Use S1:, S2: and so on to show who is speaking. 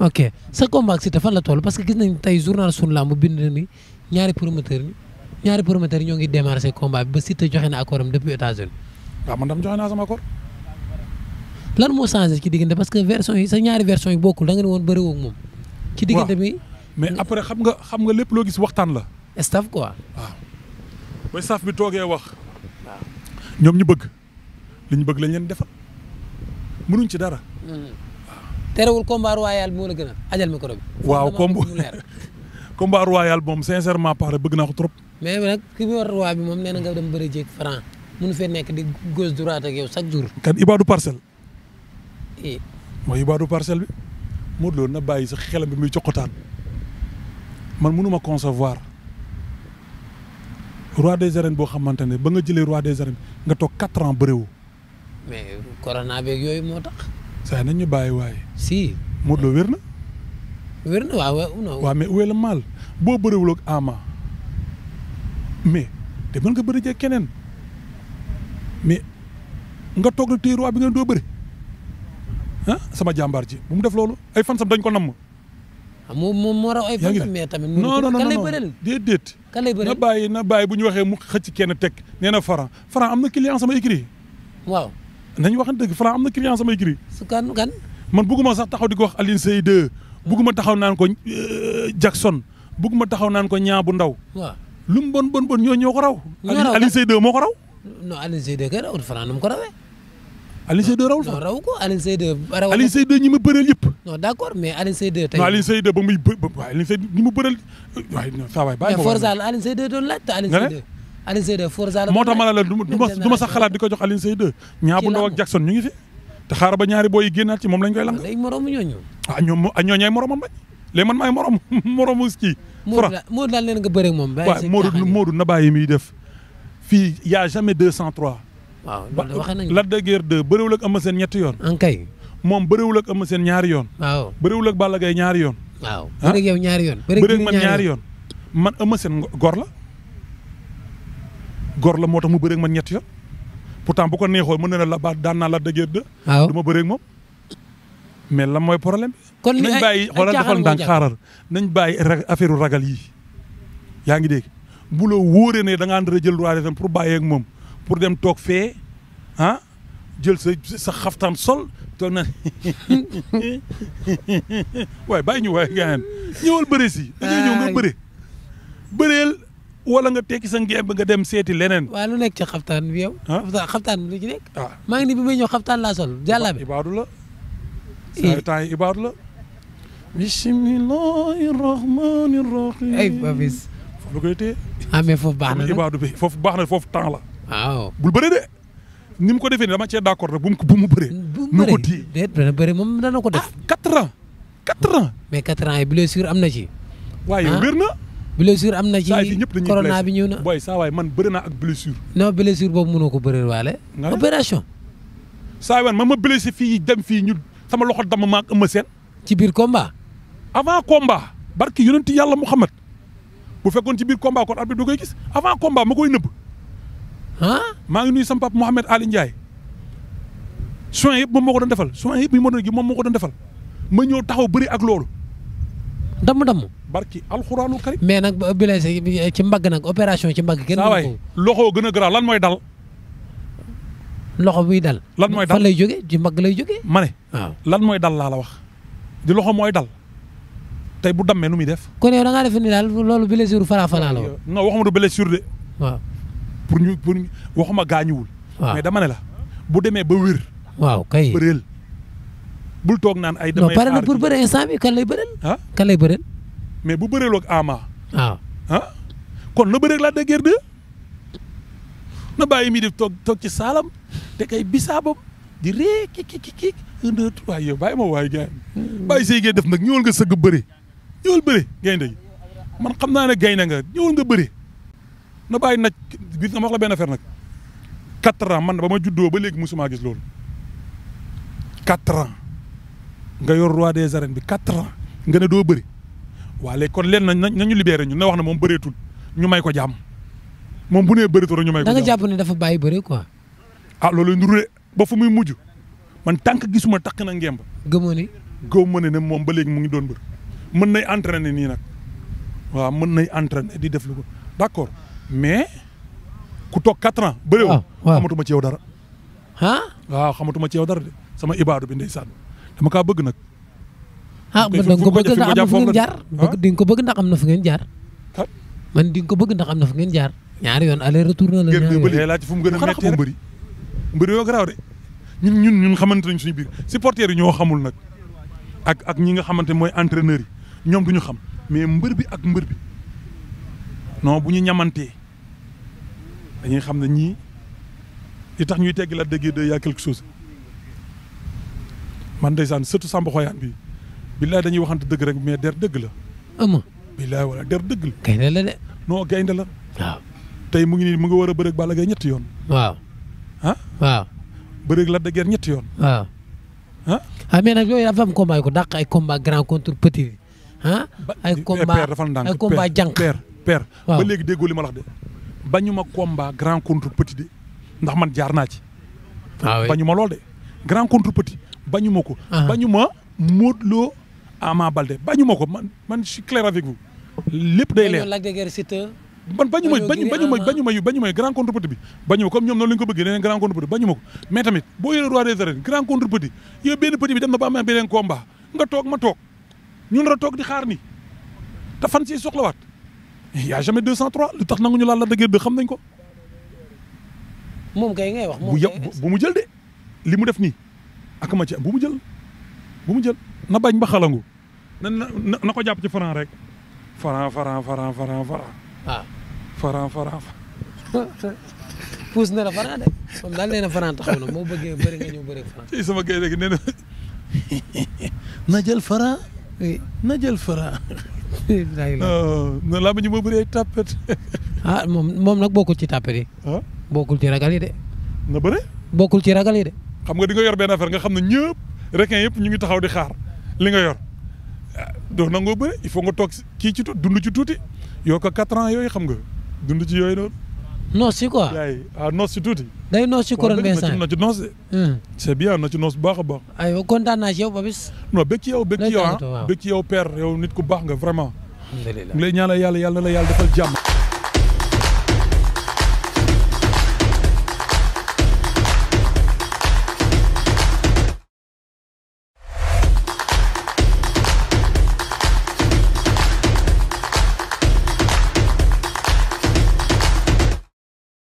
S1: ok sa combat ak Siteu la toll parce que gis nañ tey journal suñu làmb bind na ni ñaari promoteur ñaari promoteur ñoo ngi démarrer seen bi ba joxe na accord am depuis États-Unis waaw ah, man dam joxe naa sama accord. lan moo changé ci diggante parce que version yi sa ñaari version yi bokkul da nga ne woon bëri woog moom.
S2: ci diggante bi mais après xam nga xam nga lépp loo gis waxtaan la. staff quoi. waaw ah. ba staff bi toogee wax. waaw ñoom ñu bëgg li ñu bëgg lañ leen defal mënuñ ci dara.
S1: Hmm. terewul combat royal bi moo la gën a ajal micro bi. waaw combat
S2: combat royal moom sincèrement parlé bëgg naa ko trop.
S1: mais nag ki war roi bi moom nee na nga dem bëri jéeg franc mënu fee nekk di gauche droite ak yow chaque jour.
S2: kan Ibadou parcelle. i eh. mooy Ibadou parcelle bi Modou Lo na bàyyi sa xelam bi mu joxotaan man mënu ma concevoir roi des arènes boo xamante ne ba nga jëlee roi des arènes nga toog quatre ans bëriwoo.
S1: mais yooyu moo tax.
S2: saa nañ ñu bàyyi waaye. si Modou Lo wér na. wér na waaw waaw. mais où est boo bëriwul ak Ama mais te mën nga bëri jeeg keneen mais nga toog rek téye bi nga doo bëri ah, sama jàmbaar ji bu mu def loolu ay fan sam dañ ko namm.
S1: Ah, moom moom moo raw ay fan sam mais tamit. non non non
S2: na bàyyi na bàyyi bu ñu waxee mu xëcc kenn teg nee na Franc Franc am na client sama écrit waaw. nañu waxan dëgg Franc am na client samay cri su kan kan sax taxaw di ko wax Alioune Seye 2 bugguma taxaw naan ko euh, Jackson ma taxaw naan ko ñaa bu ndaw waaw lu mu bon bon bon ñoo ñoo ko raw Alioune Seye moo ko raw
S1: non Alioune Seye kay rawul Franc ko rawee Alioune Seye 2 rawul Franc raw ko Alioune Seye 2 raw Alioune Seye 2 ñi ma bëreel yëpp non d'accord mais Alioune laaj te Alioune Seye Alioune Seye 2 Forza la moo tax ma ne la du ma du ma sax xalaat
S2: di ko jox Alioune Seye 2 ñaa bu ndaw ak Jackson ñu ngi fi te xaar ñaari booy yi génnaat ci moom lañ koy lang day morom ñooñu ah ñoom ah, ñooñu ay moromam bañ léegi man maay morom moromu kii fra Modou daal leen nga bëre moom waaw Modou na bàyyi muy def fii y a jamais 203 waaw loolu wax nañu Lac de Guiers 2 ñetti yoon ankay moom bëriwul ak Eumeu Sène ñaari yoon waaw bëriwul ak Balla Gaye ñaari yoon
S1: waaw ah? bëri ak yow ñaari
S2: yoon bëri ak man ñaari yoon man Eumeu Sène gor la gor la moo tax mu bëreeg man ñetti yoon pourtant bu ko neexoon mën na ne la ba daan naa la dëgër de. waaw du ma bëreeg moom. mais lan mooy problème kon nañ bàyyi xoolal defal ndànk xaaral nañ bàyyi affaire ragal yi yaa ngi dégg bu la wóoree ne da ngaa jël droit de pour bàyyee ak moom pour dem toog fee ah jël sa sa xaftaan sol toog na way bàyyi ñu waaye gaañan ñëwal bëre si dañuy ñëw nga bëre bëreel wala nga tekki sa ngemb nga dem seeti leneen. waaw lu nekk ci xaftaan bi yow. xaftaan xaftaan lu ci nekk. waaw ah. maa ngi ni bi
S1: may ñëw xaftaan laa sol jàllabe. ibaadu la. saa temps yi ibaadu la. bismillahi rahmani rahim. ay Papis. foofu la koy téye. ah
S2: foofu baax na nag ibaadu bi foofu baax foofu temps la. waaw bul bëri de. ni mu ko defee nii dama cee d' accord rek bu mu bu mu bëree. bu mu bëree dana bëri moom dana ko def. ah quatre ans. quatre ans
S1: mais quatre ans blessure am na ci. waaye ah. wér blessure am na ci corona bi ñëw
S2: na booy saa waay man bëri naa ak blessure
S1: non blessure boobu mënoo ko bëri waale
S2: opération saa waay man ma blessé fii dem fii ñun sama loxo dama ma ak seen ci biir komba avant combat barki yonenti yàlla Muhammad bu fekkoon ci biir combat kon arbitre du koy gis avant combat ma koy nëbb ah maa ngi nuyu sama papa Mouhamed Ali Ndiaye soin yëpp moom ko doon defal soin yëpp yi ma doon gi moom moo ko doon defal ma ñëw taxaw bëri ak loolu damm damm barki alxuraanu karim.
S1: mais nag blessé ci mbagg nag opération
S2: ci mbagg. kenn waay loxo gën a garaaw lan mooy dal. loxo buy dal. lan mooy dal fan lay jógee ci mbagg lay jógee. ma lan mooy dal laa la wax di loxo mooy dal. tey bu dammee nu muy def.
S1: kon yow da ngaa def ni daal loolu blessure fala fala la wax
S2: non waxuma du blessure de. waaw pour ñu pour ñu waxuma gaañuwul. waaw mais dama la bu demee ba wér. waaw kay bëreel. bul toog naan ay. damay aar pour bëre instant bi kan lay bëreel. Ah? lay bëreel. mais bu bëree loog Ama. waaw ah kon na bëree la de Guiers 2 na bàyyi mi def toog toog ci saalam te kay bisaabam di ree ki ki ki ki un deux trois yow yi hmm. bàyyi say ngay def nag ñëwal nga sëgg bëri ñëwal bëri gaynde gi man xam naa ne gaynde nga ñëwal nga bëri na bàyyi naj gis nga ma la benn affaire nag quatre ans man ba ma juddoo ba léegi musuma gis loolu quatre ans nga yor roi des arènes bi quatre ans nga ne doo bëri waa léegi kon leen nañ nañu libéré ñu na wax ne moom bëreetul ñu may ko jàmm moom bu nee bëreetul rek ñu may ko jàmm. da nga jàpp ne dafa bàyyi bëre quoi. ah loolu ndurule ba fu muy mujj man tànk gisuma takk na ngemb. gëmoo ni. gëw ma ne ne moom ba léegi mu ngi doon bër mën nay entraîner nii nag waaw mën nay entraîner di def lu ko d'accord mais ku toog quatre ans. bëree wu ah, xamatuma ci yow dara. ah xamatuma ci yow dara sama ibaadu bi ndeysaan dama kaa bëgg nag. ah man da na fu ngeen jaar ah? bëgg
S1: di nga ko bëgg ndax na fu ngeen jaar man di nga ko bëgg ndax am na ngeen jaar ñaari yoon aller retour na la ñaari laaj a mettee mbëri
S2: mbëri yoo garaaw ñun ñun ñun xamante nañ suñu biir supporters yi ñoo xamul nag ak ak ñi nga xamante mooy entraîneurs yi ñoom duñu xam mais mbër bi ak mbër bi non bu ñu ñamantee dañuy xam ne ñii li tax ñuy tegg la dëggee de y a quelque chose man ndeysaan surtout Samba Xoyaan bi billaay dañuy waxante dëgg rek mais der dëgg la. ama billaay wala der dëgg la. gaynde la de. non gaynde la. waaw tey mu ngi nii mu ngi war a bëreeg Balla Gaye ñetti yoon. waaw. ah waaw. bëreeg Lac de ñetti yoon.
S1: waaw. ah ah mais nag yooyu dafa ko dàq ay combat grand contre petit
S2: ah. ay combat ay combat jànq père léegi déggoo li ma la wax de. bañuma combat grand contre petit de ndax man jaar naa ci. Ah bañuma lool de grand contre petit bañuma ko. Ah. bañuma Modou Lo Ama Balde bañu ma ko man man je suis avec vous. lépp day leer man bañu ma bañu ma bañu ma bañu ma grand contre petit bi bañu ma ñoom noonu la ñu ko bëggee nee grand contre petit bañu ma ko mais tamit boo yore roi des arènes grand contre petit yow benn petit bi dem na ba amee beneen combat nga toog ma toog ñun la toog di xaar ni te fan siy soxlawaat y a jamais 203 lu tax nanguñu laal la dëgër de xam nañ ko.
S1: moom kay ngay wax
S2: moom kay bu mu jël de li mu def nii ak ma bu mu jël mu jël. na bañ ba xalangu na na ko jàpp ci franc rek franc franc franc franc franc. waaw ah. franc franc. puus na la franc de moom daal nee na taxaw na moo bëggee bëri nga ñëw bëri franc. na na jël franc. na jël franc. Oh, na laa ma ñu ma bëree tapet. ah moom
S1: moom nag bokkul ci tapet yi. Ah? bokkul ci ragal yi de. na bëre. bokkul ci ragal yi de.
S2: xam nga di nga yor benn affaire nga xam ne ñëpp requin yëpp ñu ngi taxaw di xaar. li nga yor doo nangoo bëre il faut nga toog kii ci tu dundu ci tuuti yoo ko quatre ans yooyu xam nga dund ci yooyu noonu. noos si quoi yaay ah noos si tuuti. day noos si couronne bi instant na ci noos hmm. c'est bien na ci noos bu baax a baax. aywa kontaan naa ci yow Papis. non bëgg ci yow bëgg ci yow ah bëgg ci yow père yow nit ku baax nga vraiment. alhamdulilah ngi lay ñaanal yàlla yàlla na la yàlla defal jàmm.